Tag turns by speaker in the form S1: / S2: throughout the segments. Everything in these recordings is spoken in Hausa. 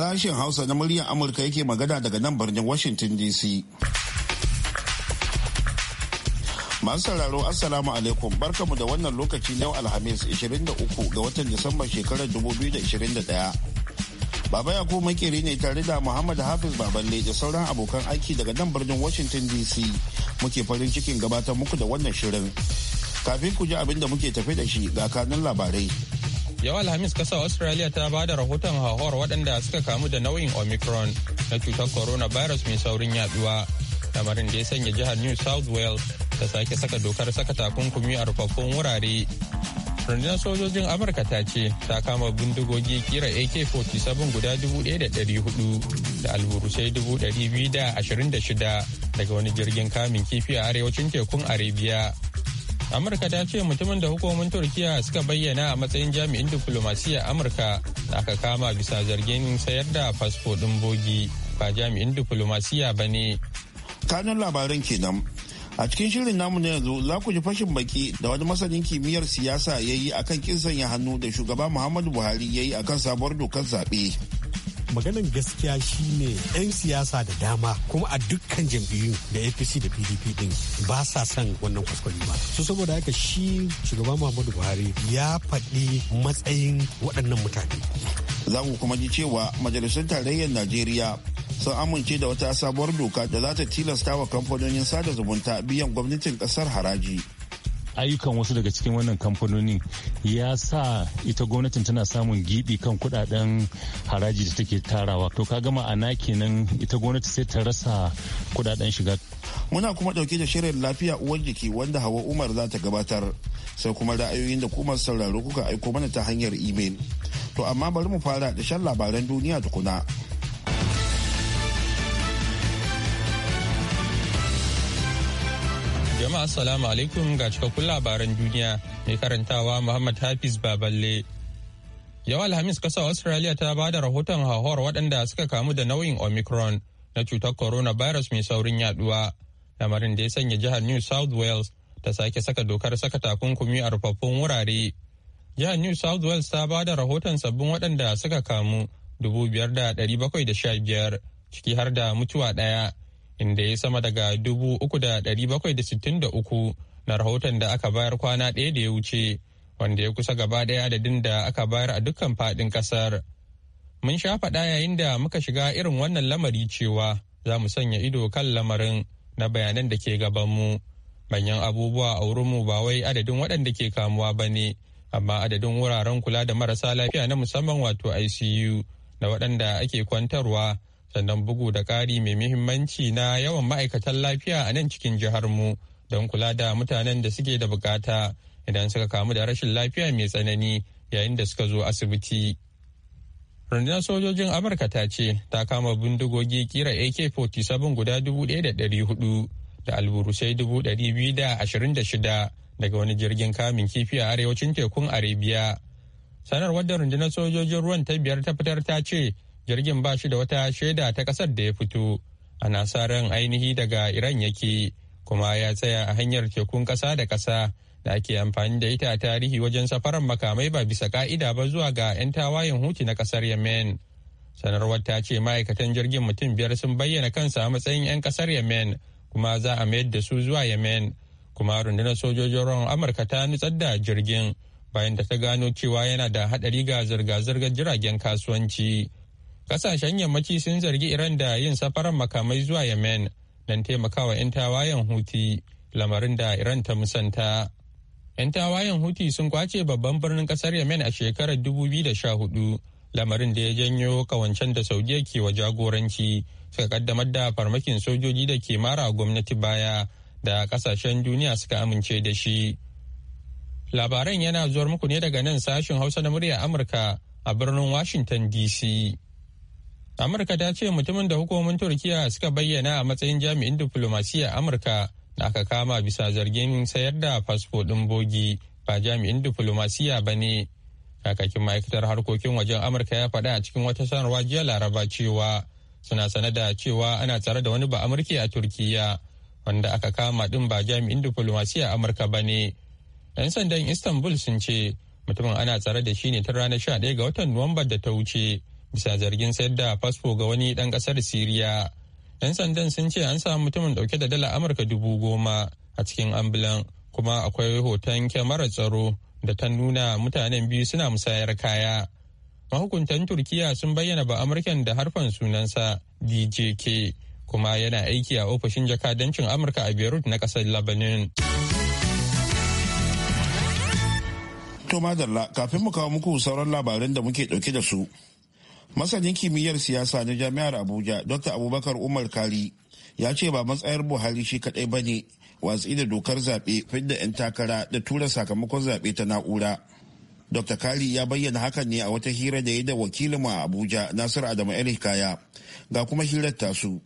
S1: Sashen Hausa na muryar Amurka yake magana daga nan birnin Washington DC. Masu sauraro Assalamu alaikum barkamu da wannan lokaci yau Alhamis 23 ga watan Disamba shekarar 2021. Baba ya kuma makeri ne tare da Muhammad Hafiz Baballe da sauran abokan aiki daga nan birnin Washington DC muke farin cikin gabatar muku da wannan shirin. Kafin ku ji abin da muke tafe da shi ga kanun labarai.
S2: Yau Alhamis kasa Australia ta ba da rahoton hauhawar waɗanda suka kamu da nau'in Omicron na cutar corona virus mai saurin yaduwa. Lamarin da ya sanya jihar New South Wales ta sake saka dokar saka takunkumi a rufaffun wurare. Rundunar sojojin Amurka ta ce ta kama bindigogi kira AK-47 guda 1,400 da alburusai 226 daga wani jirgin kamin kifi a arewacin tekun Arabia. amurka ta ce mutumin da hukumomin turkiya suka bayyana a matsayin jami'in diflomasiyya amurka da aka kama bisa zargin sayar da fasfo ɗin bogi ba jami'in diflomasiyya ba ne
S1: kanin labaran kenan a cikin shirin namu na yanzu za ku ji fashin baki da wani masanin kimiyyar siyasa ya yi a kan kin sanya hannu da shugaba muhammadu buhari ya yi a kan sabuwar dokar zaɓe
S3: maganan gaskiya shine 'yan siyasa da dama kuma a dukkan jam'iyyu da apc da pdp din ba sa son wannan kuskure ba su saboda haka shi shugaban muhammadu buhari ya faɗi matsayin waɗannan mutane
S1: za ku kuma ji cewa majalisar tarayyar najeriya sun amince da wata sabuwar doka da za ta tilasta wa kamfanonin sada zumunta biyan gwamnatin ƙasar haraji
S4: ayyukan wasu daga cikin wannan kamfanonin ya sa ita gwamnatin tana samun gibi kan kudaden haraji da take tarawa to ka gama ana kenan ita gwamnati sai ta rasa kudaden shiga
S1: muna kuma dauke da shirin lafiya uwar jiki wanda hawa umar za ta gabatar sai kuma ra'ayoyin da kuma sauraro kuka aiko mana ta hanyar imel to amma bari mu fara da shan labaran duniya tukuna.
S2: jama'a assalamu alaikum ga cikakkun labaran duniya mai karantawa Muhammad Hafiz Baballe. Yau Alhamis kasa Australia ta ba da rahoton hauhawar waɗanda suka kamu da nau'in Omicron na cutar corona virus mai saurin yaduwa. Lamarin da ya sanya jihar New South Wales ta sake saka dokar saka takunkumi a rufaffun wurare. Jihar New South Wales ta ba da rahoton sabbin waɗanda suka kamu biyar ciki har da mutuwa ɗaya inda ya sama daga 3,763 na rahoton da aka bayar kwana ɗaya da ya wuce wanda ya kusa gaba ɗaya adadin da aka bayar a dukkan faɗin ƙasar. Mun sha faɗa yayin da muka shiga irin wannan lamari cewa za mu sanya ido kan lamarin na bayanan da ke gabanmu. Manyan abubuwa a wurinmu ba wai adadin waɗanda ke kamuwa ba ne, amma adadin wuraren kula da marasa lafiya na musamman wato ICU da waɗanda ake kwantarwa sannan bugu da ƙari mai muhimmanci na yawan ma'aikatan lafiya a nan cikin jihar mu don kula da mutanen da suke da bukata idan suka kamu da rashin lafiya mai tsanani yayin da suka zo asibiti. Rundunar sojojin Amurka ta ce ta kama bindigogi kira AK-47 guda 1,400 da alburusai 226 daga wani jirgin kamun kifi a arewacin tekun Arabia. Sanarwar da rundunar sojojin ruwan ta biyar ta fitar ta ce jirgin ba shi da wata shaida ta kasar da ya fito ana sa ran ainihi daga iran yake kuma ya tsaya a hanyar tekun kasa da kasa da ake amfani da ita a tarihi wajen safarar makamai ba bisa ka'ida ba zuwa ga 'yan tawayen huti na kasar yemen sanarwar ta ce ma'aikatan jirgin mutum biyar sun bayyana kansa a matsayin 'yan kasar yemen kuma za a mayar da su zuwa yemen kuma rundunar sojojin ruwan amurka ta nutsar da jirgin bayan da ta gano cewa yana da haɗari ga zirga-zirgar jiragen kasuwanci Kasashen yammaci sun zargi Iran da yin safarar makamai zuwa Yemen don taimakawa 'yan tawayen huti lamarin da Iran ta musanta. 'Yan tawayen huti sun kwace babban birnin kasar Yemen a shekarar 2014 lamarin da ya janyo kawancen da Saudiya ke wa jagoranci suka kaddamar da farmakin sojoji da ke mara gwamnati baya da kasashen duniya suka amince da shi. Labaran yana zuwar muku ne daga nan sashen Hausa na murya Amurka a birnin Washington DC. amurka ta ce mutumin da hukumomin turkiya suka bayyana a matsayin jami'in diflomasiyya amurka da aka kama bisa zargin sayar da fasfo ɗin bogi ba jami'in diflomasiyya ba ne kakakin ma'aikatar harkokin wajen amurka ya faɗa a cikin wata sanarwa jiya laraba cewa suna sane da cewa ana tsare da wani ba amurki a turkiya wanda aka kama ɗin ba jami'in a amurka ba ne 'yan sandan istanbul sun ce mutumin ana tsare da shi ne ta ranar 11 ga watan nuwamba da ta wuce bisa zargin sayar da fasfo ga wani ɗan ƙasar siriya 'yan sandan sun ce an samu mutumin ɗauke da dala amurka dubu goma a cikin ambulan kuma akwai hoton kyamarar tsaro da ta nuna mutanen biyu suna musayar kaya mahukuntan turkiya sun bayyana ba amurkan da harfan sunansa djk kuma yana aiki a ofishin jakadancin amurka a beirut na kasar labanin to
S1: madalla kafin mu kawo muku sauran labarin da muke dauke da su masanin kimiyyar siyasa na jami'ar abuja dr abubakar umar kari ya ce ba matsayar buhari shi kadai ba ne watsi da dokar zaɓe fidda 'yan takara da tura sakamakon zaɓe ta na'ura dr kari ya bayyana hakan ne a wata hira da ya da wakilinmu a abuja nasiru adamu el hikaya ga kuma
S5: hirar tasu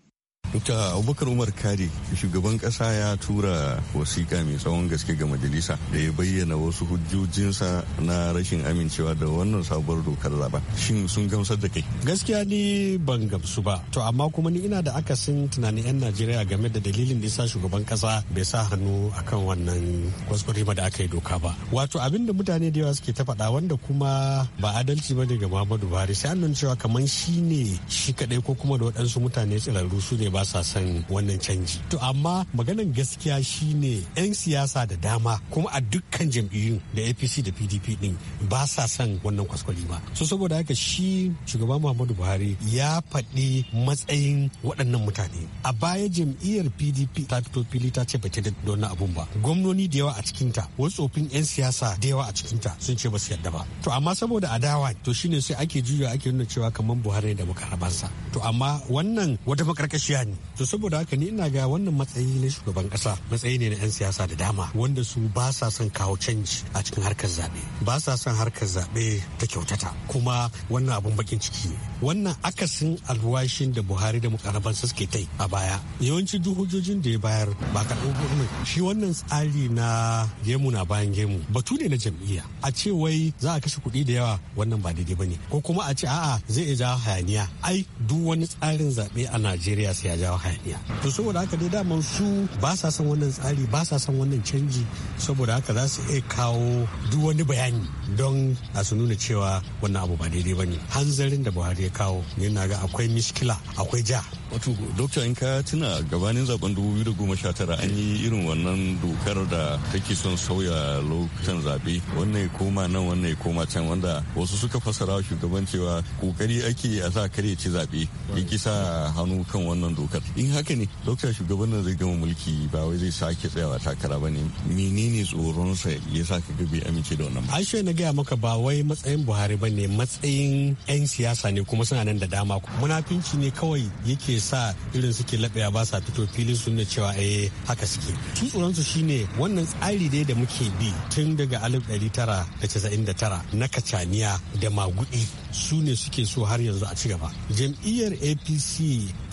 S5: Dr. Abubakar Umar Kari shugaban kasa ya tura wasiƙa mai tsawon gaske ga majalisa da ya bayyana wasu hujjojinsa
S3: na rashin amincewa da wannan sabuwar dokar zaba. Shin sun gamsar da kai? Gaskiya ni ban gamsu ba. To amma kuma ni ina da akasin tunanin 'yan Najeriya game da dalilin da yasa shugaban kasa bai sa hannu akan wannan kwaskwarima da aka yi doka ba. Wato abin da mutane da yawa suke ta faɗa wanda kuma ba adalci ba ne ga Muhammadu Buhari sai an cewa kamar shi ne shi kaɗai ko kuma da waɗansu mutane tsirarru su ne ba ba sa son wannan canji to amma maganan gaskiya shine 'yan siyasa da dama kuma a dukkan jam'iyyun da apc da pdp din ba sa son wannan kwaskwali ba so saboda haka shi shugaban muhammadu buhari ya faɗi matsayin waɗannan mutane a baya jam'iyyar pdp ta fito fili ta ce bata da wannan abun ba gwamnoni da yawa a cikinta wasu tsofin 'yan siyasa da yawa a cikinta sun ce ba su yarda ba to amma saboda adawa to shine sai ake juya ake nuna cewa kamar buhari da muka rabansa to amma wannan wata makarkashiya ne to saboda haka ni ina ga wannan matsayi na shugaban kasa matsayi ne na 'yan siyasa da dama wanda su ba sa son kawo canji a cikin harkar zaɓe ba sa son harkar zaɓe ta kyautata kuma wannan abun bakin ciki wannan akasin alwashin da buhari da mukaraban suke ta a baya yawancin duhujojin da ya bayar ba ka ɗauko shi wannan tsari na gemu na bayan gemu batu ne na jam'iyya a ce wai za a kashe kuɗi da yawa wannan ba daidai ba ne ko kuma a ce a'a zai iya jawo hayaniya ai duk wani tsarin zaɓe a najeriya sai ya jawo hayaniya to saboda haka dai daman su ba sa son wannan tsari ba sa son wannan canji saboda haka za su iya kawo duk wani bayani don a su nuna cewa wannan abu ba daidai ba ne hanzarin da buhari ya kawo yana ga akwai miskila akwai ja wato
S5: dokta in ka tuna gabanin zaben 2019 an yi irin wannan dokar da take son sauya lokutan zabe wannan ya koma nan wannan ya koma can wanda wasu suka fassara shugaban cewa kokari ake a sa kare ci zabe ya sa hannu kan wannan dokar in haka ne dokta shugaban nan zai gama mulki ba wai zai sake tsayawa takara ba ne menene tsoronsa ya sa ka gabe amince da wannan
S3: ai na gaya maka ba wai matsayin buhari bane matsayin 'yan siyasa ne kuma kuma suna nan da dama munafinci ne kawai yake sa irin suke labaya ba sa fito filin su ne cewa eh haka suke su tsoronsu su shine wannan tsari dai da muke bi tun daga 1999 na kacaniya da magudi su ne suke so har yanzu a ci gaba jam'iyyar apc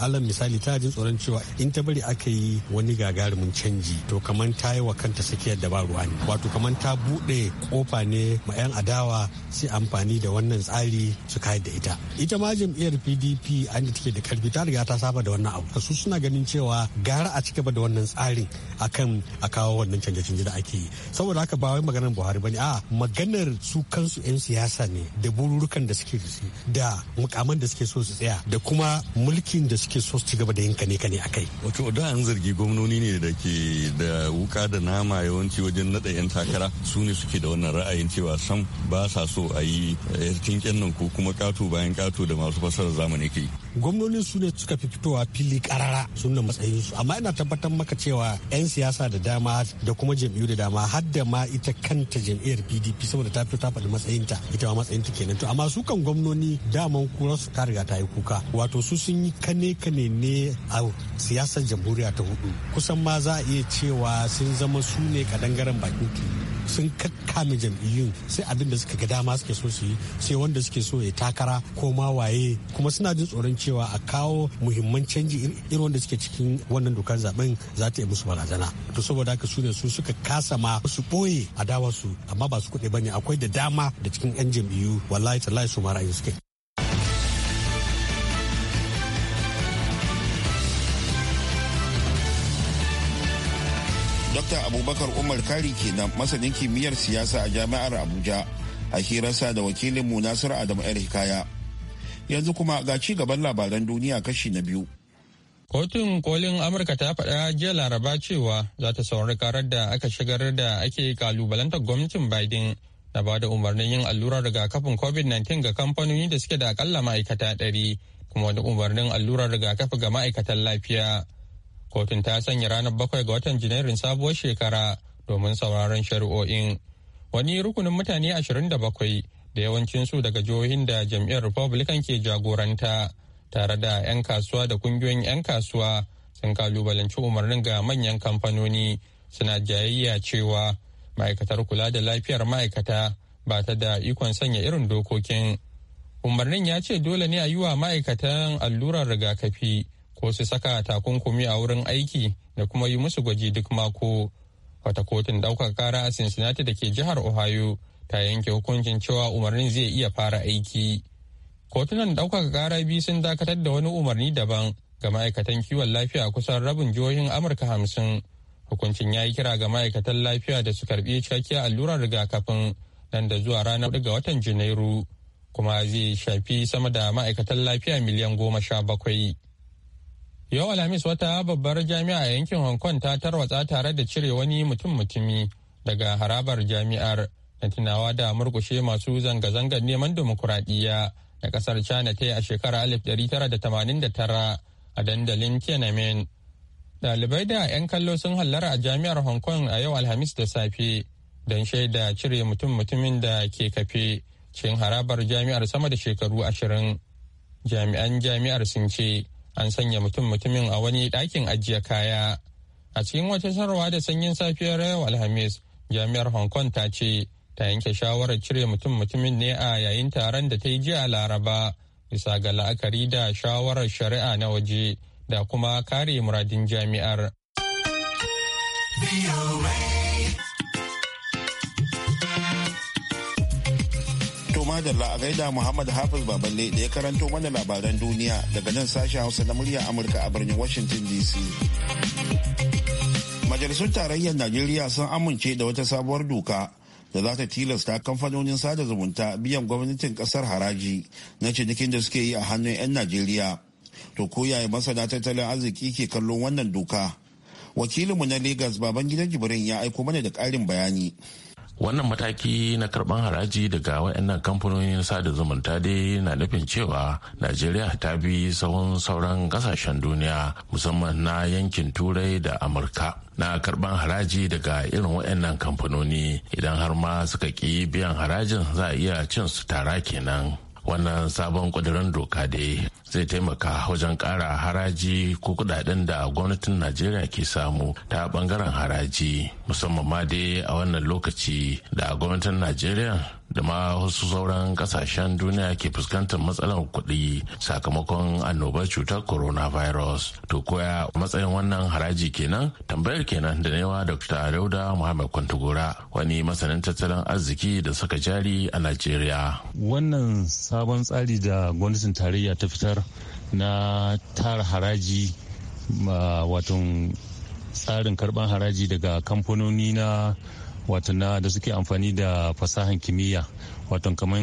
S3: alam misali ta jin tsoron cewa in ta bari aka yi wani gagarumin canji to kamar ta yi wa kanta sakiyar da ba ruwa ne wato kamar ta buɗe kofa ne ma 'yan adawa sai amfani da wannan tsari su kayar da ita ita ma jam'iyyar pdp an da take da karfi ta riga ta saba da wannan abu su suna ganin cewa gara a ci gaba da wannan tsarin akan a kawo wannan canje canje da ake yi saboda haka ba wai maganar buhari bane a maganar su kansu yan siyasa ne da bururukan da suke da mukaman da suke so su tsaya da kuma mulkin da suke so su ci gaba da yin kane kane akai
S5: wato da an zargi gwamnoni ne da ke da wuka da nama yawanci wajen nada yan takara su ne suke da wannan ra'ayin cewa sam ba sa so a yi yarkin eh, nan ko kuma kato bayan kato fito da masu fasarar zamani ke
S3: gwamnonin su ne suka fi fitowa fili karara sun da su amma ina tabbatar maka cewa 'yan siyasa da dama da kuma jam'iyyu da dama har da ma ita kanta jam'iyyar pdp saboda ta fito ta faɗi ta ita ma ta kenan to amma su kan gwamnoni dama kura su ta riga ta yi kuka wato su sun yi kane kane ne a siyasar jamhuriya ta hudu kusan ma za a iya cewa sun zama su ne kadangaren bakin sun kakkame jam'iyyun sai abin da suka ga dama suke so su yi sai wanda suke so ya takara ko ma waye kuma suna jin tsoron cewa a kawo muhimman canji irin wanda suke cikin wannan dokar zaben za ta yi musu barazana to saboda haka su ne su suka kasa ma su boye a dawa su amma ba su kuɗi bane akwai da dama da cikin yan jam'iyyu wallahi tallahi su mara yin suke
S1: Dr. Abubakar Umar Kari ke kenan masanin kimiyyar siyasa a jami'ar Abuja a hirarsa da wakilinmu Nasiru Adamu yar Hikaya. Yanzu kuma ga ci gaban labaran duniya kashi na biyu.
S2: Kotun kolin Amurka ta faɗa jiya laraba cewa za ta saurari karar da aka shigar da ake kalubalantar gwamnatin Biden na ba da umarnin yin allurar rigakafin COVID-19 ga kamfanoni da suke da akalla ma'aikata ɗari kuma wani umarnin allurar rigakafi ga ma'aikatan lafiya. kotun ta sanya ranar bakwai ga watan janairun sabuwar shekara domin sauraron shari'o'in wani rukunin mutane 27 da yawancin su daga jihohin da jam'iyyar republican ke jagoranta tare da 'yan kasuwa da kungiyoyin 'yan kasuwa sun kalubalanci umarnin ga manyan kamfanoni suna jayayya cewa ma'aikatar kula da lafiyar ma'aikata ba ta da ikon sanya irin dokokin umarnin ya ce dole ne a yi wa ma'aikatan allurar rigakafi ko su saka takunkumi a wurin aiki da kuma yi musu gwaji duk mako wata kotun ɗaukaka kara a cincinnati da ke jihar ohio ta yanke hukuncin cewa umarnin zai iya fara aiki kotunan ɗaukaka kara biyu sun dakatar da wani umarni daban ga ma'aikatan kiwon lafiya kusan rabin jihohin amurka hamsin hukuncin ya yi kira ga ma'aikatan lafiya da su karbi cikakkiya allurar rigakafin nan da zuwa ranar hudu ga watan janairu kuma zai shafi sama da ma'aikatan lafiya miliyan goma sha bakwai Yau Alhamis wata babbar jami'a a yankin Hong Kong ta tarwatsa tare da cire wani mutum-mutumi daga harabar jami'ar na tunawa da murkushe masu zanga-zangar neman dimokuraɗiyya na ƙasar China ta yi a shekarar 1989 a dandalin Tiananmen. Ɗalibai da 'yan kallo sun hallara a jami'ar Hong Kong a yau Alhamis da safe don shaida cire mutum-mutumin da ke kafe cikin harabar jami'ar sama da shekaru ashirin. Jami'an jami'ar sun ce an sanya mutum-mutumin a wani ɗakin ajiye kaya a cikin wata sanarwa da sanyin safiyar yau alhamis jami'ar hong kong ta ce ta yanke shawarar cire mutum-mutumin ne a yayin taron da ta yi jiya laraba bisa ga la'akari da shawarar shari'a na waje da kuma kare muradin jami'ar.
S1: madalla a gaida Muhammad Hafiz Baballe da ya karanto mana labaran duniya daga nan sashen Hausa na murya Amurka a birnin Washington DC. Majalisun Tarayyar Najeriya sun amince da wata sabuwar doka da za ta tilasta kamfanonin sada zumunta biyan gwamnatin kasar haraji na cinikin da suke yi a hannun 'yan Najeriya. To ko yaya masana tattalin arziki ke kallon wannan doka? Wakilinmu na lagos Babangida Jibrin ya aiko mana da ƙarin bayani.
S6: wannan mataki na karban haraji daga waɗannan kamfanonin sada zumunta dai na nufin cewa najeriya ta bi tsawon sauran ƙasashen duniya musamman na yankin turai da amurka na karban haraji daga irin waɗannan kamfanoni idan har ma suka ƙi biyan harajin za a iya cin su tara kenan wannan sabon ƙudurin doka dai zai taimaka wajen ƙara haraji ko kudaden da gwamnatin najeriya ke samu ta bangaren haraji musamman ma dai a wannan lokaci da gwamnatin najeriya da ma wasu sauran kasashen duniya ke fuskantar matsalar kuɗi sakamakon annobar cutar coronavirus to koya matsayin wannan haraji kenan tambayar kenan da newa dr dauda muhammad kwantagora wani masanin tattalin arziki da saka jari a najeriya
S4: wannan sabon tsari da gwamnatin tarayya ta fitar na tara haraji wato tsarin karban haraji daga kamfanoni na wato da suke amfani da fasahan kimiyya wato kamar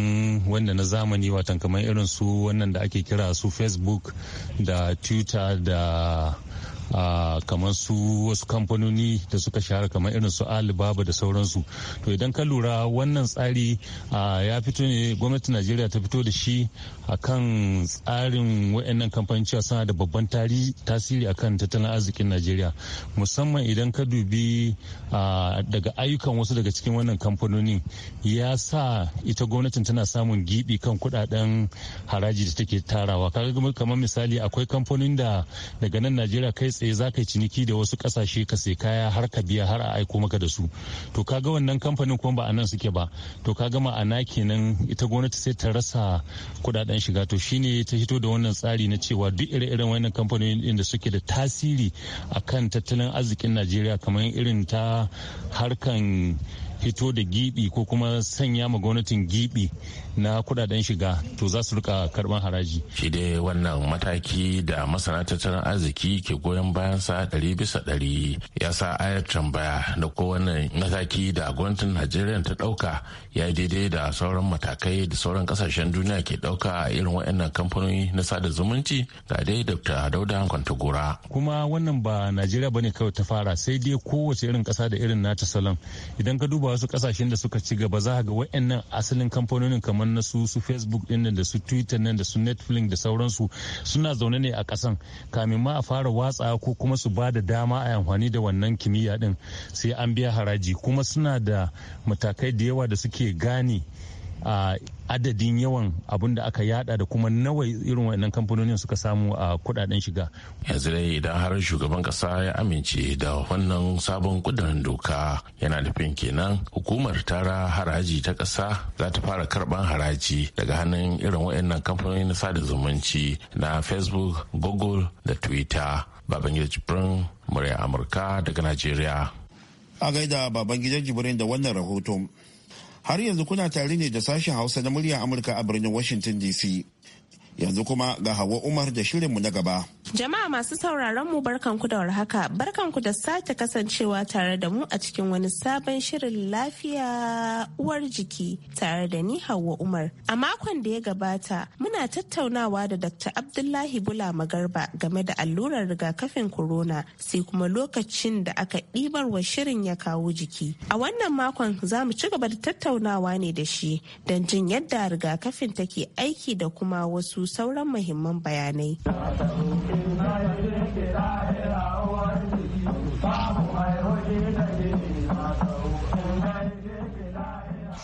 S4: wanda na zamani wato kamar irin su wannan da ake kira su facebook da twitter da kamar su wasu kamfanoni da suka shahara kamar irin su alibaba da sauransu to idan ka lura wannan tsari ya fito ne gwamnatin najeriya ta fito da shi a kan tsarin wayannan kamfanin cewa suna da babban tasiri a kan tattalin arzikin najeriya musamman idan ka dubi daga ayyukan wasu daga cikin wannan kamfanoni ya sa ita gwamnatin tana samun gibi kan kuɗaɗen haraji da take tarawa kamar misali akwai kamfanin da daga nan najeriya kai tsaye za ka yi ciniki da wasu kasashe ka sai kaya har ka biya har a aiko maka da su to kaga wannan kamfanin kuma ba a nan suke ba to kaga ma'ana kenan ita gwamnati sai ta rasa kudaden shiga to shine ta hito da wannan tsari na cewa duk ire-iren wannan kamfanonin da suke da tasiri akan tattalin arzikin Najeriya kamar irin ta harkan hito da gibi ko kuma sanya ma gwamnatin gibi na kudaden shiga to za su rika karban haraji shi dai wannan
S6: mataki da masana tattalin arziki ke goyon bayan sa ɗari bisa ɗari ya sa ayar tambaya da kowane mataki da gwamnatin najeriya ta ɗauka ya daidai da sauran matakai da sauran kasashen duniya ke ɗauka a irin waɗannan kamfanoni na sada zumunci ga dai dr dauda kwantagora
S4: kuma wannan ba najeriya bane kawai ta fara sai dai kowace irin ƙasa da irin nata salon idan ka duba ba wasu kasashen da suka ci gaba za ga wa'annan asalin kamfanonin kamar na su su facebook din da su twitter nan da su netflix da sauransu suna zaune ne a kasan kamin ma a fara watsa ko kuma su ba da dama a amfani da wannan kimiyya din sai an biya haraji kuma suna da matakai da yawa da suke gane adadin yawan abin da aka yada da kuma nawa irin wannan kamfanonin suka samu a kudaden shiga
S6: yanzu dai idan har shugaban kasa ya amince da wannan sabon kudin doka yana nufin kenan hukumar tara haraji ta kasa za ta fara karban haraji daga hannun irin wayannan kamfanoni na sada zumunci na facebook google da twitter babangida jibrin murya amurka daga najeriya
S1: a gaida babangidan jibrin da wannan rahoton har yanzu kuna tare ne da sashen hausa na murya amurka a birnin washington dc yanzu kuma ga hawa umar da shirinmu na gaba
S7: Jama'a masu sauraron mu barkanku da warhaka, barkanku da sake kasancewa tare da mu a cikin wani sabon shirin lafiya uwar jiki tare da ni Hauwa Umar. A makon da ya gabata, muna tattaunawa da Dr. Abdullahi Bula Magarba game da allurar rigakafin corona sai kuma lokacin da aka ɗibar wa shirin ya kawo jiki. A wannan makon za mu ci gaba da tattaunawa ne da shi don jin yadda rigakafin take aiki da kuma wasu sauran muhimman bayanai. Babu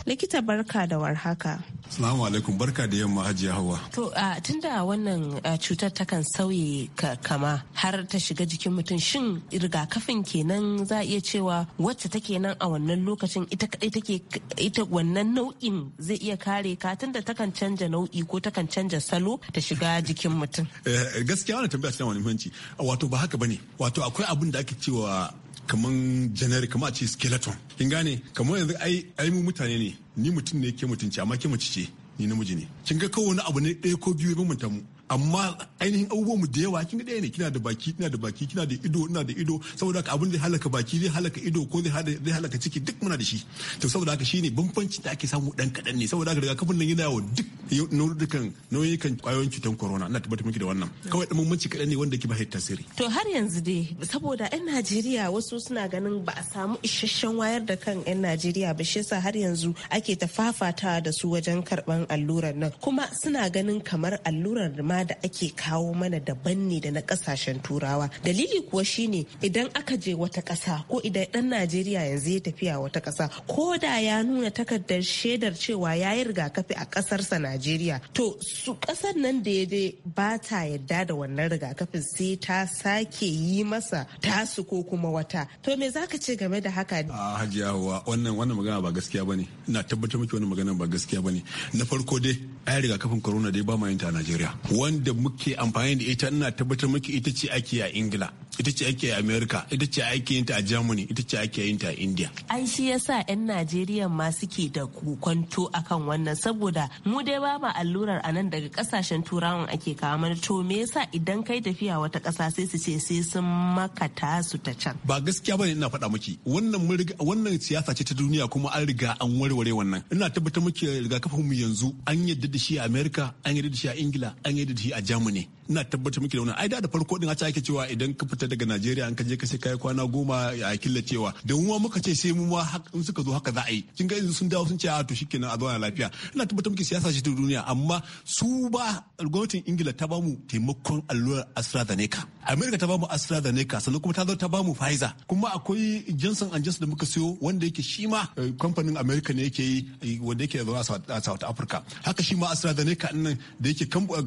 S7: likita barka da warhaka
S8: Salamu alaikum barka da yamma hajiya hawa.
S7: To a tunda wannan cutar ta kan sauye kama har ta shiga jikin mutum shin rigakafin kenan za a iya cewa wacce take nan a wannan lokacin ita kadai take ita wannan nau'in zai iya kare ka tunda takan canja nau'i ko takan canja salo ta shiga jikin mutum.
S3: Eh,
S8: gaskiya wannan tambaya cikin wani muhimmanci wato ba haka bane wato akwai abin da ake cewa kaman generic kamar a ce skeleton kin gane kamar yanzu ai ai mu mutane ne ni mutum ne ke mutunci amma ke mace ce ni namiji ne kin ga kowane abu ne ɗaya ko biyu ya bambanta mu amma ainihin abubuwan mu da yawa kin da ne kina da baki kina da baki kina da ido ina da ido saboda haka abin da halaka baki zai halaka ido ko zai halaka ciki duk muna da shi to saboda haka shine bambanci da ake samu dan kadan ne saboda haka daga kafin nan yana wa duk nau'ikan nau'ikan kwayoyin cutar corona ina tabbatar miki da wannan kawai dan bambanci kadan ne wanda ke ba tasiri
S7: to har yanzu dai saboda yan Najeriya wasu suna ganin ba a samu isasshen wayar da kan yan Najeriya ba shi yasa har yanzu ake ta fafata da su wajen karban allurar nan kuma suna ganin kamar allurar da ma da ake kawo mana daban ne da na kasashen turawa dalili kuwa shine idan aka je wata ƙasa ko idan ɗan najeriya yanzu ya tafiya wata ƙasa ko da ya nuna takardar shaidar cewa ya yi rigakafi a ƙasarsa najeriya to su ƙasar nan da ya dai ba ta yadda da wannan rigakafin sai ta sake yi masa tasu ko kuma wata to me za ka ce game da haka a
S8: hajiya wannan wannan magana ba gaskiya bane ina tabbatar miki wannan magana ba gaskiya bane na farko dai ai rigakafin corona dai ba ma ta a Najeriya wanda muke amfani da ita ina tabbatar muke ita ce ake a Ingila ita ce ake a America ita ce ake yin ta a Germany ita ce ake yin ta a India
S7: ai shi yasa yan Najeriya ma suke da kukwanto akan wannan saboda mu dai ba ma allurar a nan daga kasashen turawan ake kawo to me yasa idan kai tafiya wata kasa sai su ce sai sun maka tasu ta can
S8: ba gaskiya bane ina faɗa miki wannan wannan siyasa ce ta duniya kuma an riga an warware wannan ina tabbatar muke rigakafin mu yanzu an yadda da shi a america an yarda da shi a ingila an yarda da shi a germany ina tabbatar miki da wannan ai da da farko din a ake cewa idan ka fita daga Najeriya an ka je ka sai kai kwana goma a cewa da mu muka ce sai mu ma in suka zo haka za a yi kin ga yanzu sun dawo sun ce a ah, to shikenan a zauna lafiya ina tabbatar miki siyasa ce ta duniya amma su ba gwamnatin Ingila ta bamu taimakon allurar AstraZeneca America ta bamu AstraZeneca sannan kuma ta zo ta bamu Pfizer kuma akwai Johnson Johnson da muka siyo wanda yake shi ma eh, kamfanin America ne yake yi eh, wanda yake zauna a South Africa haka shi ma AstraZeneca din da yake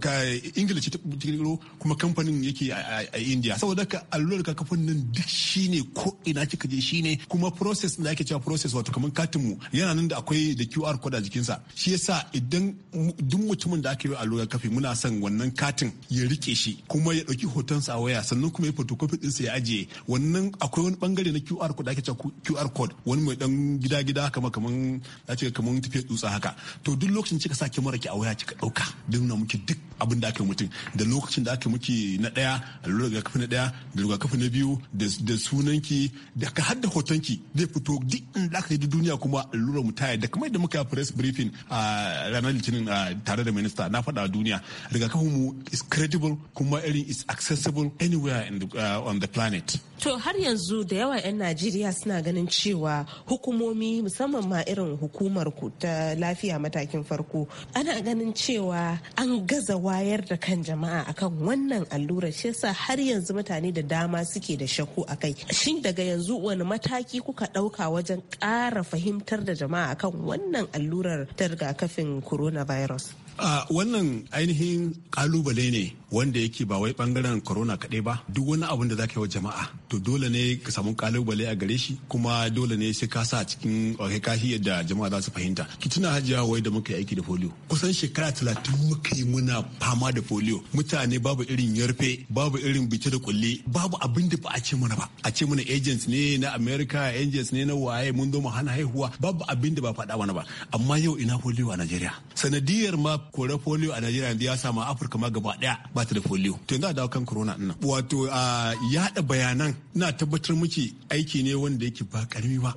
S8: eh, Ingila ce kirkiro kuma kamfanin yake a India saboda ka allurar kafin nan duk shine ko ina kika je shine kuma process da ake cewa process wato kamar katin mu yana nan da akwai da QR code a jikinsa shi yasa idan duk mutumin da aka yi allurar kafin muna son wannan katin ya rike shi kuma ya dauki hotonsa a waya sannan kuma ya photocopy sa ya ajiye wannan akwai wani bangare na QR code da ake cewa QR code wani mai dan gida gida kama kaman ya ce kaman tafiya dutsa haka to duk lokacin kika sa kyamara ki a waya kika dauka dinna muke duk abin da aka yi mutum da lokacin da aka muke na ɗaya ga kafin na ɗaya da rigakafi na biyu da sunanki da ka hadda hotonki zai fito duk da aka yi duniya kuma allurar mu taya da kamar yadda muka press briefing a ranar litinin tare da minista na faɗa a duniya rigakafin mu is credible kuma irin is accessible anywhere in the, uh, on the planet.
S7: To har yanzu da yawa 'yan Najeriya suna ganin cewa hukumomi musamman ma irin hukumar ku ta lafiya matakin farko ana ganin cewa an gaza wayar da kan jama'a akan wannan allurar shi yasa har yanzu mutane da dama suke da shakku kai shin daga yanzu wani mataki kuka ɗauka wajen ƙara fahimtar da jama'a akan wannan allurar ta rigakafin coronavirus
S8: a wannan ainihin ƙalubale ne wanda yake ba wai bangaren corona kaɗai ba duk wani abin da za yi wa jama'a to dole ne ka samu kalubale a gare shi kuma dole ne sai ka sa cikin kai eh, kashi yadda jama'a za su fahimta ki tuna hajiya wai da muka yi aiki da polio kusan shekara talatin muka yi muna fama da polio mutane babu irin yarfe babu irin bice da kulle babu abin da ba a ce mana ba a ce mana agents ne na america agents ne na waye mun zo mu hana haihuwa babu abin da ba faɗa mana ba amma yau ina polio a najeriya sanadiyar ma kore polio a najeriya yanzu ya sama afirka ma gaba ɗaya ba ta da polio to yanzu a dawo kan corona nan wato a yada bayanan na tabbatar muke aiki ne wanda yake ba ƙarami ba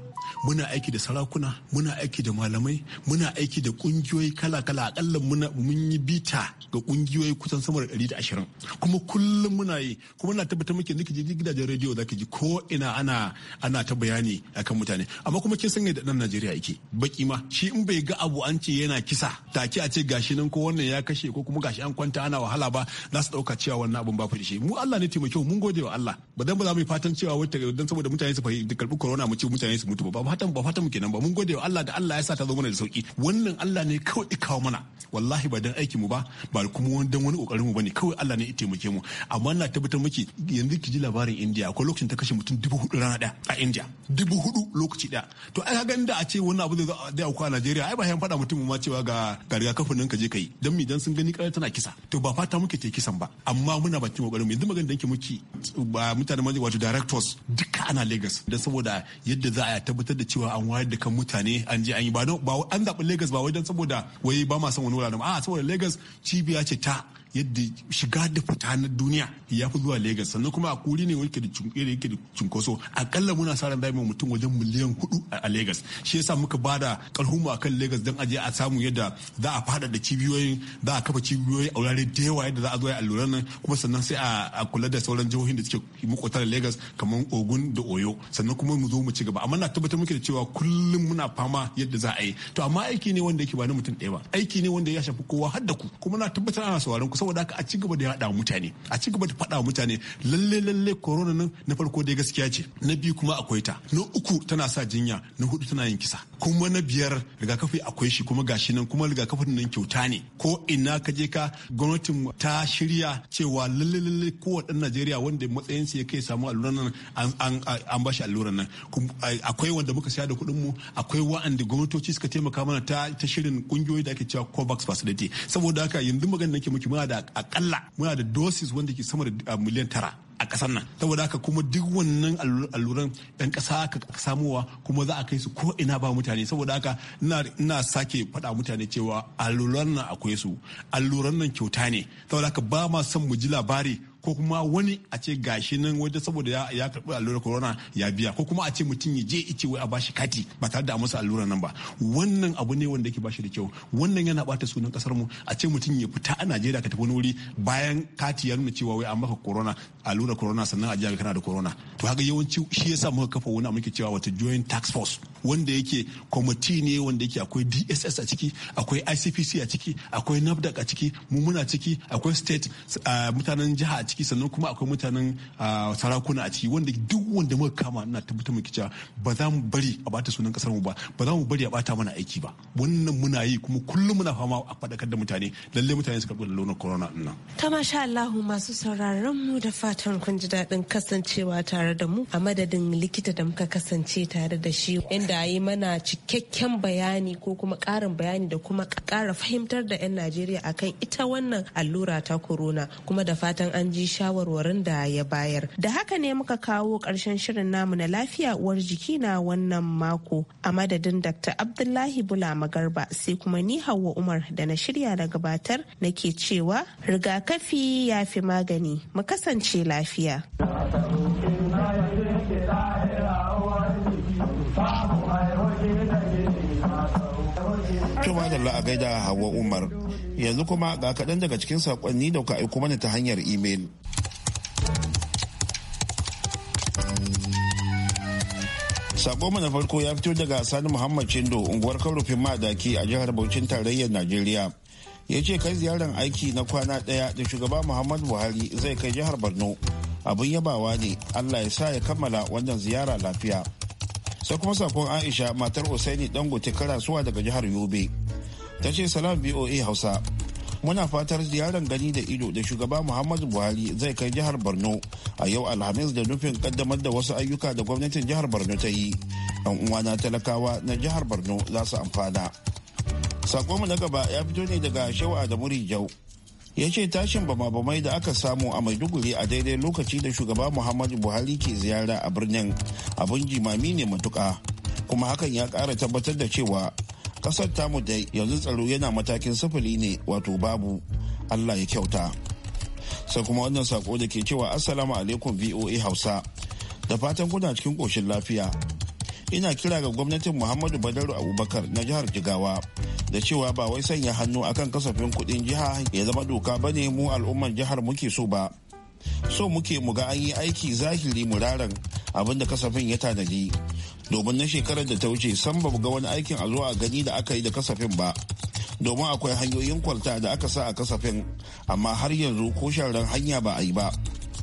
S8: muna aiki da sarakuna muna aiki da malamai muna aiki da ƙungiyoyi kala-kala aƙalla muna mun yi bita ga ƙungiyoyi kusan sama da da ashirin kuma kullum muna yi kuma na tabbatar muke nake ji gidajen rediyo zaka ji ko ina ana ana ta bayani akan mutane amma kuma kin san da ɗan Najeriya yake baki ma shi in bai ga abu an ce yana kisa take a ce gashi nan ko wannan ya kashe ko kuma gashi an kwanta ana wahala ba za su dauka cewa wannan abun ba fi shi mu Allah ne taimakon mu mun gode wa Allah ba dan ba za mu yi fatan cewa wata don saboda mutane su fahimci karbi corona mu ce mutane su mutu ba ba fatan ba fatan mu kenan ba mun gode wa Allah da Allah ya sa ta zo mana da sauki wannan Allah ne kawai kawo mana wallahi ba dan aiki mu ba ba kuma wani dan wani kokarin mu bane kawai Allah ne ya taimake mu amma Allah tabbatar miki yanzu ki ji labarin India akwai lokacin ta kashe mutum dubu hudu rana daya a India dubu hudu lokaci daya to ai ga inda a ce wannan abu zai auku a Najeriya ai ba yan faɗa mutum ma cewa ga ga rigakafin nan ka je kai dan mi dan sun gani kar tana kisa to ba fata muke take kisan ba amma muna bakin kokarin mu yanzu magana da yake muki ba mutane ma wato directors duka ana Lagos dan saboda yadda za a tabbatar da cewa an wayar da kan mutane an je an yi ba an zaɓi Lagos ba wai dan saboda wai ba ma son wani wuraren a'a saboda Lagos cibiya ce ta yadda shiga da fita na duniya ya fi zuwa Legas sannan kuma a kuri ne wani da yake da cunkoso akalla muna sa ran daima mutum wajen miliyan hudu a Legas shi yasa muka ba da karhunmu a kan Legas don aje a samu yadda za a fada da cibiyoyin za a kafa cibiyoyi a wurare da yawa yadda za a zo a lura nan kuma sannan sai a kula da sauran jihohin da suke makwata da Legas kamar Ogun da Oyo sannan kuma mu zo mu ci gaba amma na tabbatar muke da cewa kullum muna fama yadda za a yi to amma aiki ne wanda yake ba na mutum ɗaya ba aiki ne wanda ya shafi kowa har da ku kuma na tabbatar ana sauraron ku saboda haka a ci gaba da yaɗa mutane a ci gaba da faɗa mutane lalle lalle corona nan na farko dai gaskiya ce na biyu kuma akwai ta na uku tana sa jinya na hudu tana yin kisa kuma na biyar rigakafi akwai shi kuma gashi nan kuma rigakafin nan kyauta ne ko ina ka je ka gwamnatin ta shirya cewa lalle lalle kowa Najeriya wanda sa ya kai samu alluran nan an bashi alluran nan akwai wanda muka saya da kuɗin mu akwai wa'anda gwamnatoci suka taimaka mana ta shirin kungiyoyi da ake cewa COVAX facility saboda haka yanzu magana nake muke muna da akalla muna da doses wanda ke sama da ah, miliyan tara a kasar nan saboda haka kuma duk wannan alluran yan kasa aka samuwa kuma za a kai su ko ina ba mutane saboda haka ina sake faɗa mutane cewa alluran nan akwai su alluran nan kyauta ne saboda haka ba ma son mu ji labari ko kuma wani a ce gashi nan waje saboda ya karɓi allurar corona ya biya ko kuma a ce mutum ya je ice wai a bashi kati ba tare da a masa allurar nan ba wannan abu ne wanda yake bashi da kyau wannan yana bata sunan kasar mu a ce mutum ya fita a Najeriya ka tafi wani wuri bayan kati ya nuna cewa wai an maka corona allurar corona sannan a jiya kana da corona to haka yawanci shi yasa muka kafa wani muke cewa wata joint tax force wanda yake kwamiti ne wanda yake akwai DSS a ciki akwai ICPC a ciki akwai NAFDAC a ciki mu muna ciki akwai state ah, mutanen jiha ciki sannan kuma akwai mutanen sarakuna a ciki wanda duk wanda muka kama ina tabbatar muke cewa ba za mu bari a bata sunan kasar mu ba ba za mu bari a bata mana aiki ba wannan muna yi kuma kullum muna fama a fadakar da mutane lalle mutane su karɓi da launin corona din
S7: ta masha Allah masu sauraron mu da fatan kun ji daɗin kasancewa tare da mu a madadin likita da muka kasance tare da shi inda yi mana cikakken bayani ko kuma ƙarin bayani da kuma ƙara fahimtar da 'yan Najeriya akan ita wannan allura ta corona kuma da fatan an ji ji shawarwarin da ya bayar. Da haka ne muka kawo ƙarshen shirin namu na lafiya uwar jiki na wannan mako a madadin Dr. Abdullahi Bula Magarba sai kuma ni hawa Umar da na shirya da gabatar nake cewa rigakafi ya fi magani mu kasance lafiya.
S1: To da a gaida Hawa Umar. Yanzu kuma ga kaɗan daga cikin saƙonni da ka aiko mana ta hanyar imel. Sako mana farko ya fito daga Sani Muhammad Chindo unguwar Karufin Madaki a jihar Bauchin tarayyar Najeriya. Ya ce kai ziyarar aiki na kwana ɗaya da shugaba Muhammad Buhari zai kai jihar Borno. Abin yabawa ne Allah ya sa ya kammala wannan ziyara lafiya. sai kuma sakon aisha matar usaini dangote suwa daga jihar yobe ta ce salam voa hausa muna fatar ziyarar gani da ido da shugaba muhammadu buhari zai kai jihar borno a yau alhamis da nufin kaddamar da wasu ayyuka da gwamnatin jihar borno ta yi yan uwana talakawa na jihar borno za su amfana sakonmu na gaba ya fito ne daga shewa da muri jau ya ce tashin bama-bamai da aka samu a maiduguri a daidai lokaci da shugaba muhammadu buhari ke ziyara a birnin abin jimami ne matuka kuma hakan ya kara tabbatar da cewa kasar tamu da yanzu tsaro yana matakin sufuri ne wato babu allah ya kyauta sai kuma wannan sako da ke cewa assalamu alaikum voa hausa da fatan kuna cikin koshin lafiya ina kira ga gwamnatin muhammadu badaru abubakar na jihar jigawa da cewa ba wai sanya hannu akan kasafin kuɗin jiha ya zama doka ba ne mu al'ummar jihar muke so ba so muke mu ga an yi aiki zahiri muraren abin da kasafin ya tanadi domin na shekarar da ta wuce san ba ga wani aikin a zuwa gani da aka yi da kasafin ba domin akwai hanyoyin kwalta da aka sa a kasafin amma har yanzu ko sharan hanya ba a yi ba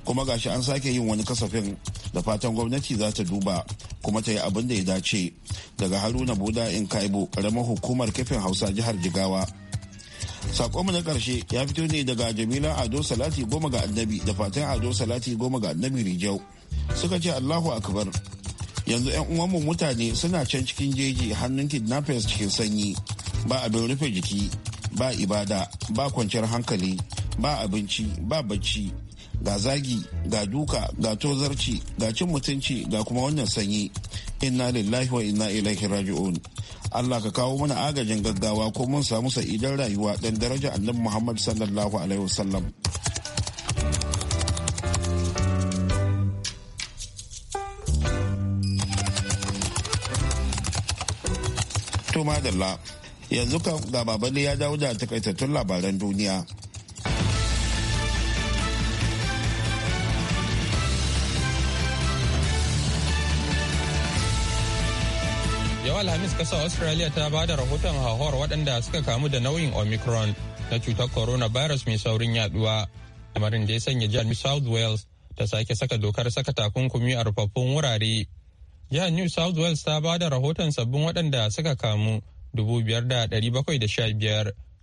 S1: kuma gashi an sake yin wani kasafin da fatan gwamnati za ta duba kuma ta yi abin da ya dace daga haruna buda in kaibo karamar hukumar kafin hausa jihar jigawa sakonmu na karshe ya fito ne daga jamila ado salati goma ga annabi da fatan ado salati goma ga annabi rijau suka ce allahu akbar yanzu 'yan uwanmu mutane suna can cikin jeji hannun kidnappers cikin sanyi ba abin rufe jiki ba ibada ba kwanciyar hankali ba abinci ba bacci ga zagi ga duka ga tozarci ga cin mutunci ga kuma wannan sanyi inna lillahi wa inna ilaihi raji'un Allah ka kawo mana agajin gaggawa ko mun samu sa'idan rayuwa dan daraja annabi Muhammad sallallahu alaihi wasallam to madalla yanzu ka ga babali ya dawo da takaitattun labaran duniya
S2: yau alhamis kasar australia ta ba da rahoton hauhawar waɗanda suka kamu da nauyin omicron na cutar corona virus mai saurin yaduwa lamarin da ya sanya jihar new south wales ta sake saka dokar saka takunkumi a rufaffun wurare jihar new south wales ta ba da rahoton sabbin waɗanda suka kamu biyar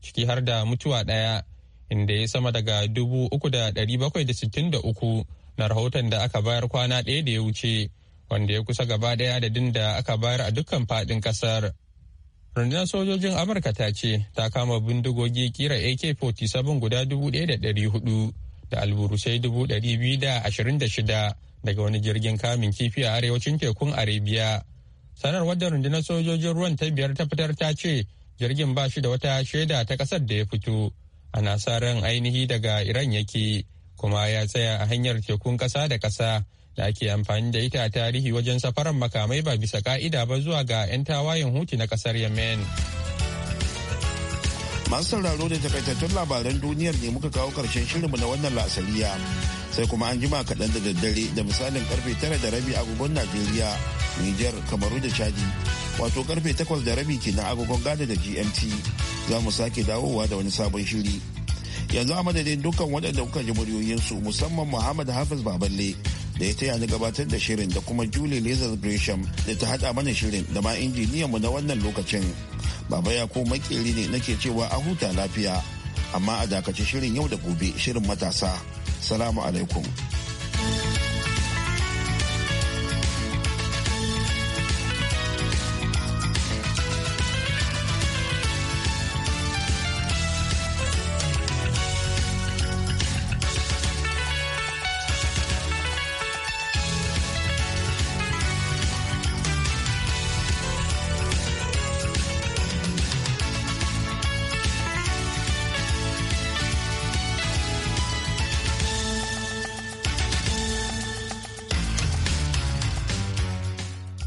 S2: ciki har da mutuwa ɗaya inda ya sama daga dubu uku na rahoton da aka bayar kwana ɗaya da ya wuce wanda ya kusa gaba ɗaya adadin da aka bayar a dukkan faɗin ƙasar. Rundunar sojojin Amurka ta ce ta kama bindigogi kira AK-47 guda 1,400 da alburusai 226 daga wani jirgin kamun kifi a arewacin tekun Arabiya. Sanarwar da rundunar sojojin ruwan ta biyar ta fitar ta ce jirgin ba shi da wata shaida ta ƙasar da ya fito. Ana sa ran ainihi daga Iran yake kuma ya tsaya a hanyar tekun ƙasa da ƙasa da ake amfani da ita a tarihi wajen safarar makamai ba bisa ka'ida ba zuwa ga 'yan tawayen huti na kasar yemen
S1: masu sauraro da takaitattun labaran duniyar ne muka kawo karshen shirinmu na wannan lasaliya sai kuma an jima kaɗan da daddare da misalin karfe tara da rabi agogon najeriya niger kamaru da chadi wato karfe takwas da rabi ke na agogon gada da gmt za mu sake dawowa da wani sabon shiri yanzu a madadin dukkan waɗanda kuka ji muryoyinsu musamman muhammad hafiz baballe da ya taya ni gabatar da shirin da kuma Julie lizard Gresham da ta haɗa mana shirin da ma injiniyan mu na wannan lokacin. Baba ya ko makeri ne nake cewa a huta lafiya, amma a dakace shirin yau da gobe shirin matasa. Salamu alaikum.